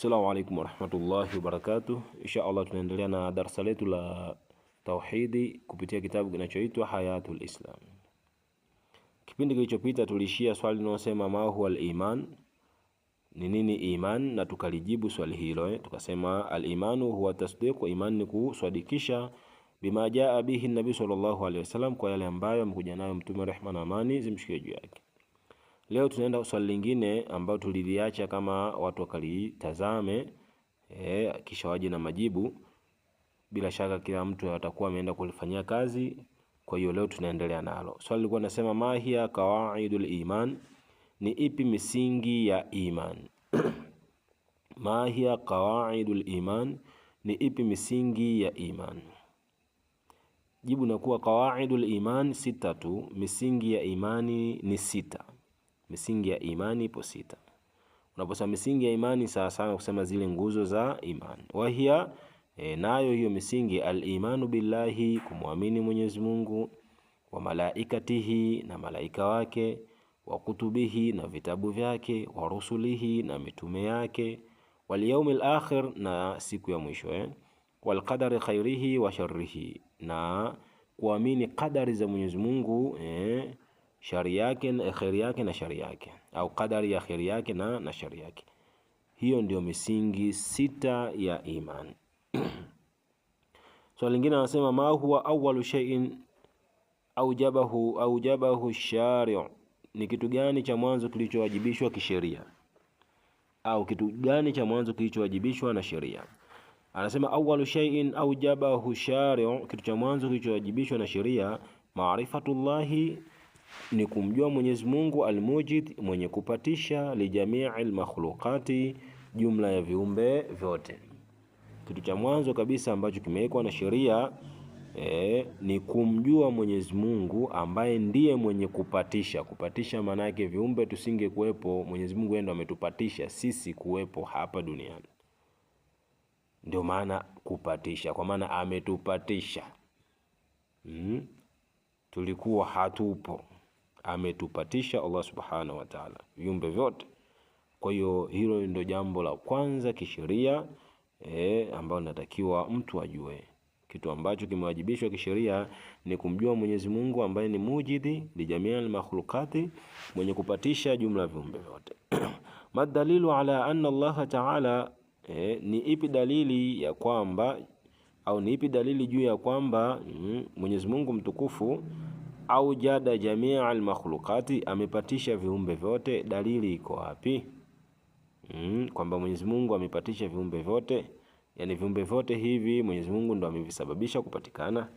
Assalamu alaikum warahmatullahi wabarakatuh. Insha Allah tunaendelea na darasa letu la tauhidi kupitia kitabu kinachoitwa Hayatul Islam. Kipindi kilichopita tulishia swali linalosema ma huwa al-iman, ni nini iman, na tukalijibu swali hilo eh, tukasema al-imanu huwa tasdiq, iman ni kuswadikisha bima jaa bihi nabii sallallahu alaihi wasallam, kwa yale ambayo amekuja nayo mtume, rehma na amani zimshikie juu yake Leo tunaenda swali lingine ambayo tuliliacha kama watu wakalitazame, e, kisha waje na majibu. Bila shaka kila mtu atakuwa ameenda kulifanyia kazi. Kwa hiyo leo tunaendelea nalo swali, lilikuwa nasema hiya kawaidul iman, ni ipi misingi ya iman? hiya kawaidul iman, ni ipi misingi ya iman? Jibu nakuwa kawaidul iman sita tu, misingi ya imani ni sita misingi ya imani ipo sita. Unaposema misingi ya imani sawa sawa kusema zile nguzo za imani. Wahia e, nayo hiyo misingi al-imanu billahi, kumwamini Mwenyezi Mungu, wa malaikatihi, na malaika wake, wa kutubihi, na vitabu vyake, wa rusulihi, na mitume yake, wal yaumil akhir, na siku ya mwisho eh? wal qadari khairihi wa sharrihi, na kuamini kadari za Mwenyezi Mungu eh? shari yake na kheri yake na shari yake, au kadari ya kheri yake na na shari yake. Hiyo ndio misingi sita ya iman. Swali so, lingine anasema ma huwa awwalu shay'in aujabahu aujabahu shari'u, ni kitu gani cha mwanzo kilichowajibishwa kisheria au kitu gani cha mwanzo kilichowajibishwa na sheria? Anasema awwalu shay'in aujabahu shari'u, kitu cha mwanzo kilichowajibishwa na sheria maarifatullahi ni kumjua Mwenyezi Mungu Almujid, mwenye kupatisha, lijamii lmakhluqati, jumla ya viumbe vyote. Kitu cha mwanzo kabisa ambacho kimewekwa na sheria e, ni kumjua Mwenyezi Mungu ambaye ndiye mwenye kupatisha. Kupatisha maana yake viumbe kuwepo, Mwenyezi Mungu yeye ndo ametupatisha sisi kuwepo hapa duniani, ndio maana kupatisha, kwa maana ametupatisha. Mm, tulikuwa hatupo ametupatisha Allah subhanahu wa ta'ala viumbe vyote. Kwa hiyo hilo ndio jambo la kwanza kisheria e, eh, ambalo natakiwa mtu ajue. Kitu ambacho kimewajibishwa kisheria ni kumjua Mwenyezi Mungu ambaye ni mujidi lijamii almakhluqati, mwenye kupatisha jumla viumbe vyote madalilu ala anna Allah ta'ala e, ni ipi dalili ya kwamba au ni ipi dalili juu ya kwamba mm, Mwenyezi Mungu mtukufu aujada jamia almakhluqati, amepatisha viumbe vyote. Dalili iko wapi? Mm, kwamba Mwenyezi Mungu amepatisha viumbe vyote, yani viumbe vyote hivi Mwenyezi Mungu ndo amevisababisha kupatikana.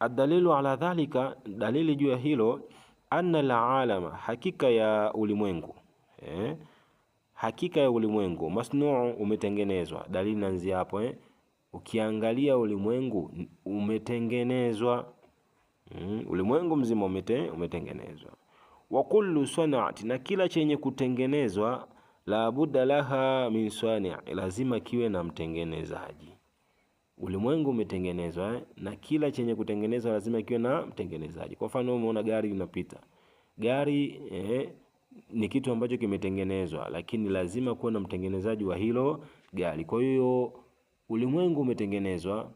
Adalilu ala dhalika, dalili juu ya hilo, anna alalama, hakika ya ulimwengu eh? hakika ya ulimwengu masnuu, umetengenezwa. Dalili nanzia hapo eh? Ukiangalia ulimwengu umetengenezwa mm, ulimwengu mzima umete, umetengenezwa. Wa kullu sanaati, na kila chenye kutengenezwa, la budda laha min sani, lazima kiwe na mtengenezaji. Ulimwengu umetengenezwa na kila chenye kutengenezwa lazima kiwe na mtengenezaji. Kwa mfano, umeona gari linapita, gari eh, ni kitu ambacho kimetengenezwa, lakini lazima kuwe na mtengenezaji wa hilo gari. Kwa hiyo ulimwengu umetengenezwa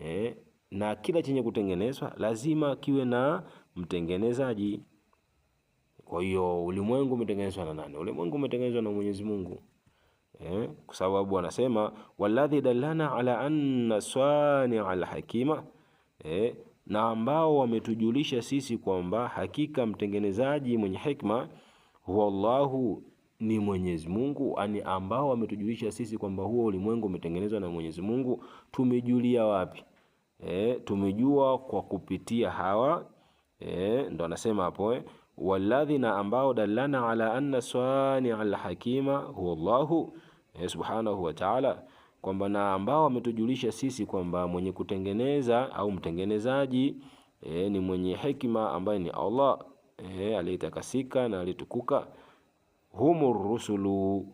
eh, na kila chenye kutengenezwa lazima kiwe na mtengenezaji. Kwa hiyo ulimwengu umetengenezwa na nani? Ulimwengu umetengenezwa na Mwenyezi Mungu eh, kwa sababu anasema walladhi dalana ala anna ala hakima eh, na ambao wametujulisha sisi kwamba hakika mtengenezaji mwenye hikma huwa ni Mwenyezi Mungu, ani ambao wametujulisha sisi kwamba huo ulimwengu umetengenezwa na Mwenyezi Mungu, tumejulia wapi? e, tumejua kwa kupitia hawa e, ndo anasema hapo e, walladhina ambao dalana ala anna swani alhakima huwa Allahu e, subhanahu wa ta'ala, kwamba na ambao wametujulisha sisi kwamba mwenye kutengeneza au mtengenezaji e, ni mwenye hekima ambaye ni Allah e, aliyetakasika na alitukuka. Humur rusulu,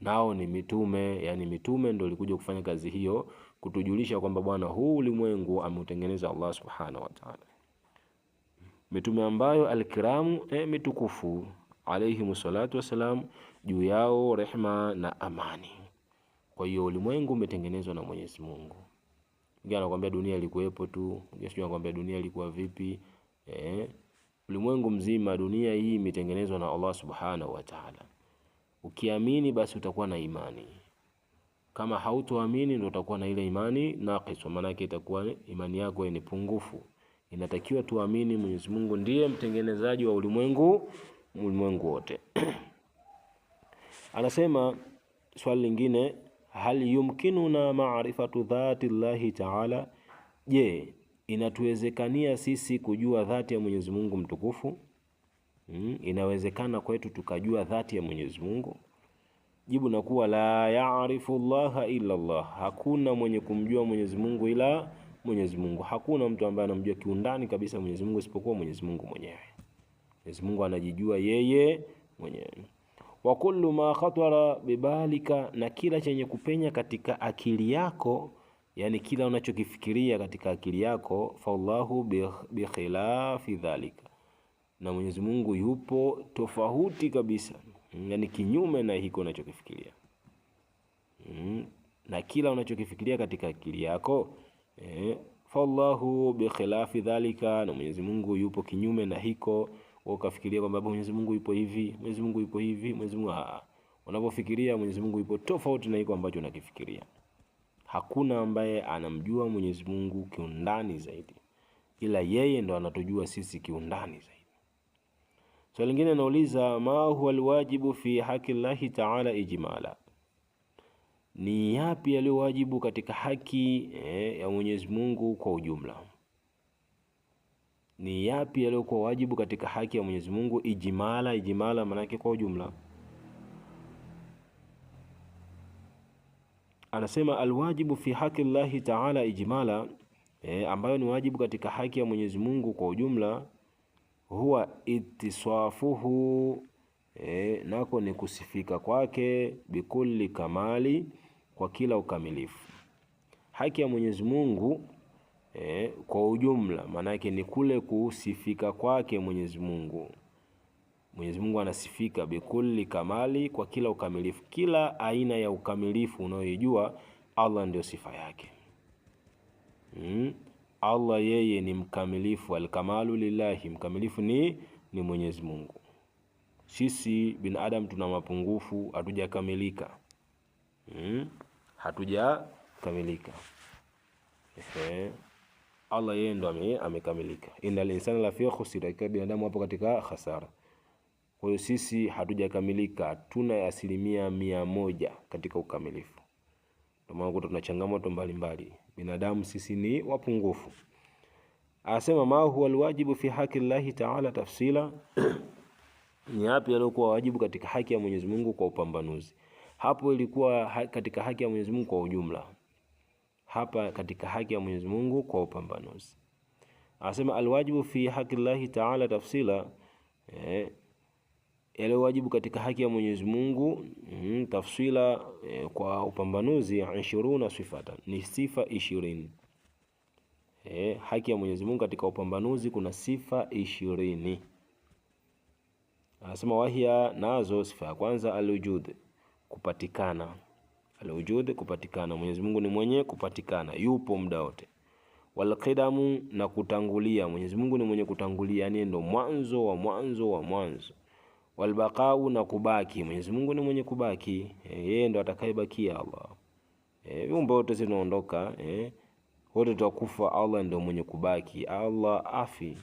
nao ni mitume, yani mitume ndio walikuja kufanya kazi hiyo kutujulisha kwamba bwana, huu ulimwengu ameutengeneza Allah subhanahu wa ta'ala. Mitume ambayo alkiramu e, mitukufu alayhi salatu wasalam, juu yao rehma na amani. Kwa hiyo ulimwengu umetengenezwa na Mwenyezi Mungu. Mwingine anakuambia dunia ilikuwepo tu, sio anakuambia dunia ilikuwa vipi e, ulimwengu mzima, dunia hii imetengenezwa na Allah subhanahu wa ta'ala. Ukiamini basi utakuwa na imani. Kama hautoamini ndio utakuwa na ile imani maana maanake itakuwa imani yako ni pungufu. Inatakiwa tuamini Mwenyezi Mungu ndiye mtengenezaji wa ulimwengu ulimwengu wote. Anasema swali lingine, hal yumkinuna maarifatu dhati llahi taala, je, inatuwezekania sisi kujua dhati ya Mwenyezi Mungu mtukufu? Hmm, inawezekana kwetu tukajua dhati ya Mwenyezi Mungu? jibu na kuwa la yaarifu llaha illa Allah, hakuna mwenye kumjua Mwenyezi Mungu ila Mwenyezi Mungu. Hakuna mtu ambaye anamjua kiundani kabisa Mwenyezi Mungu isipokuwa Mwenyezi Mungu mwenyewe. Mwenyezi Mungu anajijua yeye mwenyewe. Wa kullu ma khatara bibalika, na kila chenye kupenya katika akili yako, yani kila unachokifikiria katika akili yako, fallahu bikhilafi dhalika, na Mwenyezi Mungu yupo tofauti kabisa yani kinyume na hiko unachokifikiria mm. na kila unachokifikiria katika akili yako eh, fallahu bikhilafi dhalika, na Mwenyezi Mungu yupo kinyume na hiko. Wewe ukafikiria kwamba Mwenyezi Mungu yupo hivi, Mwenyezi Mungu yupo hivi, Mwenyezi Mungu ah, unapofikiria Mwenyezi Mungu yupo tofauti na hiko ambacho unakifikiria. Hakuna ambaye anamjua Mwenyezi Mungu kiundani zaidi, ila yeye ndo anatujua sisi kiundani zaidi. Swali lingine nauliza, ma huwa alwajibu fi haki llahi taala ijmala, ni yapi wajibu katika haki eh, ya Mwenyezi Mungu kwa ujumla? Ni yapi yaliyokuwa wajibu katika haki ya Mwenyezi Mungu ijmala? Ijmala manake kwa ujumla. Anasema alwajibu fi haki llahi taala ijmala, eh, ambayo ni wajibu katika haki ya Mwenyezi Mungu kwa ujumla huwa itiswafuhu e, eh, nako ni kusifika kwake bikulli kamali, kwa kila ukamilifu. Haki ya Mwenyezi Mungu e, kwa ujumla maana yake ni kule kusifika kwake Mwenyezi Mungu. Mwenyezi Mungu anasifika bikulli kamali, kwa kila ukamilifu. Kila aina ya ukamilifu unaoijua Allah ndio sifa yake mm. Allah yeye ni mkamilifu, alkamalu lillahi, mkamilifu ni ni Mwenyezi Mungu. Sisi binadamu tuna mapungufu, hatujakamilika hmm? hatujakamilika ehe. Allah yeye ndo amekamilika, ame innal insana lafi khusr, hakika binadamu hapo katika hasara. Kwa hiyo sisi hatujakamilika, tuna asilimia mia moja katika ukamilifu. Ndio maana kuna changamoto mbalimbali, binadamu sisi ni wapungufu. Asema ma huwa alwajibu fi haki llahi taala tafsila ni yapi yaliokuwa wajibu katika haki ya Mwenyezi Mungu kwa upambanuzi. Hapo ilikuwa katika haki ya Mwenyezi Mungu kwa ujumla, hapa katika haki ya Mwenyezi Mungu kwa upambanuzi. Asema alwajibu fi haki llahi taala tafsila eh, yale wajibu katika haki ya Mwenyezi Mungu mm, tafsila e, kwa upambanuzi ishiruna sifatan ni sifa ishirini. E, haki ya Mwenyezi Mungu katika upambanuzi kuna sifa ishirini. Anasema wahia nazo, sifa ya kwanza alujud, kupatikana. Alujud, kupatikana. Mwenyezi Mungu ni mwenye kupatikana, yupo muda wote. Walqidamu, na kutangulia. Mwenyezi Mungu ni mwenye kutangulia, yani ndo mwanzo wa mwanzo wa mwanzo walbaqau na kubaki. Mwenyezi Mungu ni mwenye kubaki, eh, yeye ndo atakayebakia Allah. E, eh, viumbe wote zinaondoka eh, wote tutakufa, Allah ndo mwenye kubaki, Allah afi.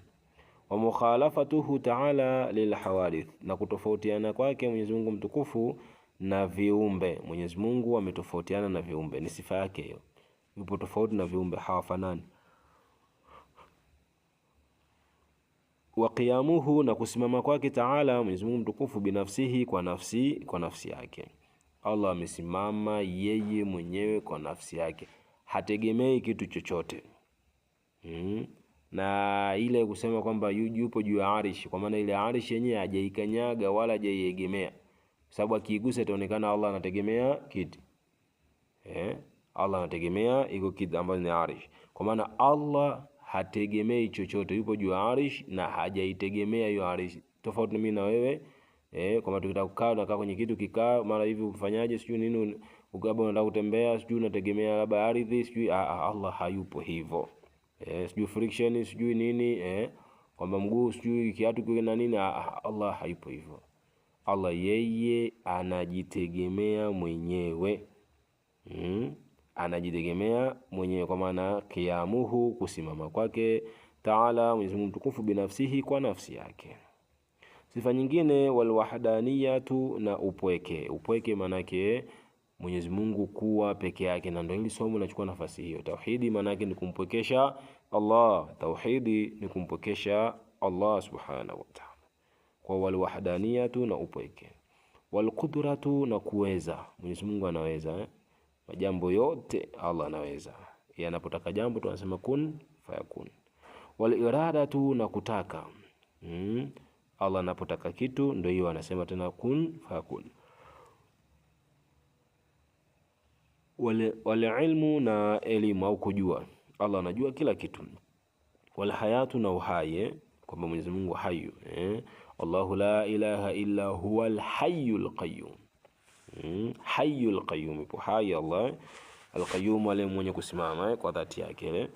Wa mukhalafatuhu ta'ala lilhawadith na kutofautiana kwake Mwenyezi Mungu mtukufu na viumbe. Mwenyezi Mungu ametofautiana na viumbe, ni sifa yake hiyo, yupo tofauti na viumbe, hawafanani. wa qiyamuhu, na kusimama kwake taala Mwenyezi Mungu mtukufu, binafsihi, kwa nafsi, kwa nafsi yake. Allah amesimama yeye mwenyewe kwa nafsi yake, hategemei kitu chochote hmm. Na ile kusema kwamba yupo juu ya arishi, kwa maana ile arishi yenyewe hajaikanyaga wala hajaiegemea, sababu akiigusa itaonekana Allah anategemea kiti eh? Allah anategemea iko kiti ambayo ni arishi, kwa maana Allah hategemei chochote, yupo juu ya arish na hajaitegemea hiyo arish, tofauti na mimi na wewe eh, kwa maana tukitaka kukaa unakaa kwenye kitu kikaa, mara hivi ufanyaje, sijui nini, ukaba unataka kutembea, sijui unategemea labda ardhi, sijui ah, ah, Allah hayupo hivyo eh, sijui friction, sijui nini eh, kwamba mguu sijui kiatu kiwe na nini, ah, Allah hayupo hivyo. Allah yeye anajitegemea mwenyewe mm anajitegemea mwenyewe, kwa maana kiamuhu, kusimama kwake taala Mwenyezi Mungu mtukufu, binafsihi, kwa nafsi yake. Sifa nyingine walwahdaniyatu, na upweke. Upweke maanake Mwenyezi Mungu kuwa peke yake, na ndio hili somo linachukua nafasi hiyo. Tauhidi maanake ni kumpwekesha Allah, tauhidi ni kumpwekesha Allah subhanahu wa ta'ala, kwa walwahdaniyatu na upweke, walqudratu na kuweza. Mwenyezi Mungu anaweza eh? Majambo yote Allah anaweza. Yeye anapotaka jambo tunasema kun fayakun. Wal iradatu na kutaka. Mm. Allah anapotaka kitu ndio hiyo anasema tena kun fayakun. Wal, wal ilmu na elimu au kujua. Allah anajua kila kitu. Wal hayatu na uhai eh? kwamba Mwenyezi Mungu hayu eh? Allahu la ilaha illa huwal hayyul qayyum Hmm, hayyul Qayyum, ipo hai Allah Alqayyum, ale mwenye kusimama eh, kwa dhati yake ile.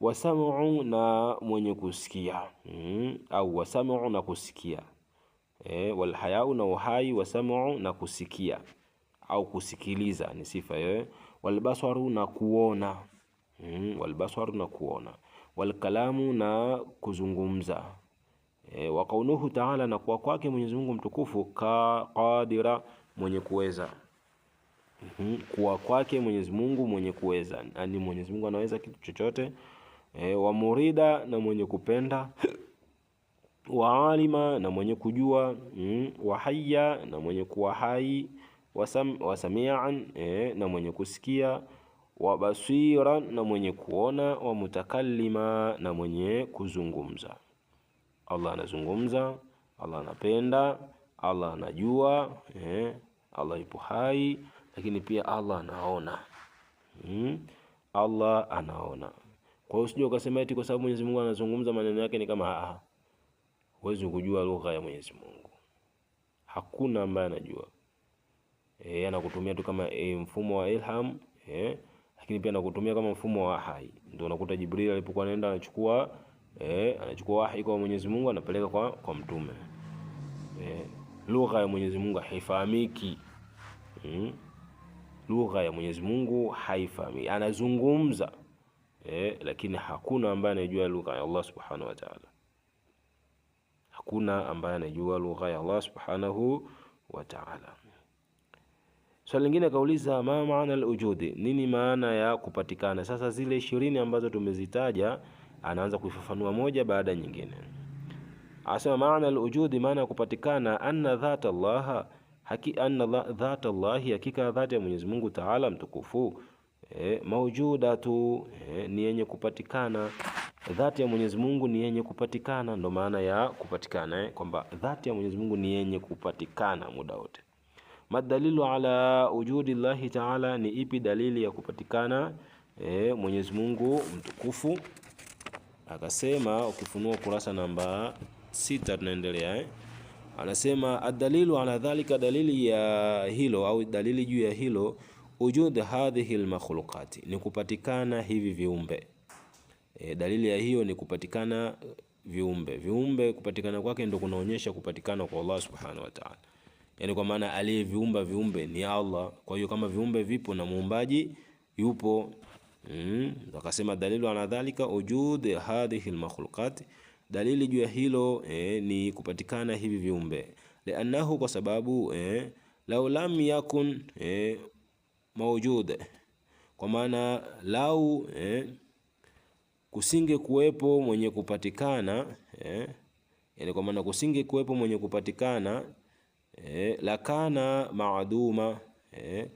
Wasamu, na mwenye kusikia mm, au wasamu na kusikia e, eh, walhayau na uhai, wasamu na kusikia au kusikiliza ni sifa yeye. Eh. Walbasaru na kuona mm, walbasaru na kuona. Walkalamu na kuzungumza eh, wa taala, na kwa kwake Mwenyezi Mungu mtukufu ka qadira mwenye kuweza. Mm-hmm. Kuwa kwake Mwenyezi Mungu mwenye kuweza, yaani Mwenyezi Mungu anaweza kitu chochote. E, wa murida na mwenye kupenda wa alima na mwenye kujua mm, wa hayya na mwenye kuwa hai wasam, wasamian e, eh, na mwenye kusikia wa basira na mwenye kuona wa mutakallima na mwenye kuzungumza. Allah anazungumza, Allah anapenda, Allah anajua eh. Allah yupo hai, lakini pia Allah anaona hmm? Allah anaona. Kwa hiyo usije ukasema eti kwa sababu Mwenyezi Mungu anazungumza maneno yake ni kama a, ah, ah. huwezi kujua lugha ya Mwenyezi Mungu. Hakuna ambaye anajua e, anakutumia tu kama e, mfumo wa ilham e, lakini pia anakutumia kama mfumo wa hai. Ndio unakuta Jibril alipokuwa anaenda anachukua e, anachukua wahi kwa Mwenyezi Mungu anapeleka kwa, kwa mtume e, lugha ya Mwenyezi Mungu haifahamiki hmm? Lugha ya Mwenyezi Mungu haifahami, anazungumza eh, lakini hakuna ambaye anajua lugha ya Allah Subhanahu wa Ta'ala, hakuna ambaye anajua lugha ya Allah Subhanahu wa Ta'ala. Swali so, lingine akauliza ma maana al-ujudi, nini maana ya kupatikana? Sasa zile ishirini ambazo tumezitaja anaanza kuifafanua moja baada nyingine, asema maana al-ujudi, maana ya kupatikana anna dhata Allah haki anna dhat Allahi, hakika dhati ya Mwenyezi Mungu Taala mtukufu e, tu e, ni yenye kupatikana. Dhati ya Mwenyezi Mungu ni yenye kupatikana, ndo maana ya kupatikana eh, kwamba dhati ya Mwenyezi Mungu ni yenye kupatikana muda wote. Madalilu ala ujudi Allahi Taala, ni ipi dalili ya kupatikana e, Mwenyezi Mungu mtukufu? Akasema ukifunua kurasa namba sita tunaendelea eh. Anasema adalilu ala dhalika, dalili ya hilo au dalili juu ya hilo, wujud hadhihi almakhluqati, ni kupatikana hivi viumbe e, dalili ya hiyo ni kupatikana viumbe. Viumbe kupatikana kwake ndio kunaonyesha kupatikana kwa Allah subhanahu wa ta'ala, yani kwa maana aliyeviumba viumbe ni Allah. Kwa hiyo kama viumbe vipo na muumbaji yupo, mm, akasema dalilu ala dhalika wujud hadhihi al Dalili juu ya hilo eh, ni kupatikana hivi viumbe liannahu, kwa sababu eh, lau lam yakun eh, maujud, kwa maana lau eh, kusinge kuwepo mwenye kupatikana eh, yani kwa maana kusinge kuwepo mwenye kupatikana eh, lakana maaduma eh,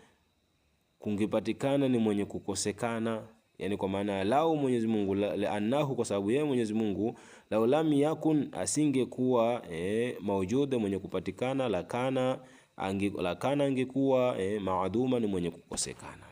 kungepatikana ni mwenye kukosekana yani kwa maana lau Mwenyezi Mungu la, annahu kwa sababu yeye Mwenyezi Mungu lau lam yakun asingekuwa eh, maujude mwenye kupatikana lakana ange, angekuwa eh, maadhuma ni mwenye kukosekana.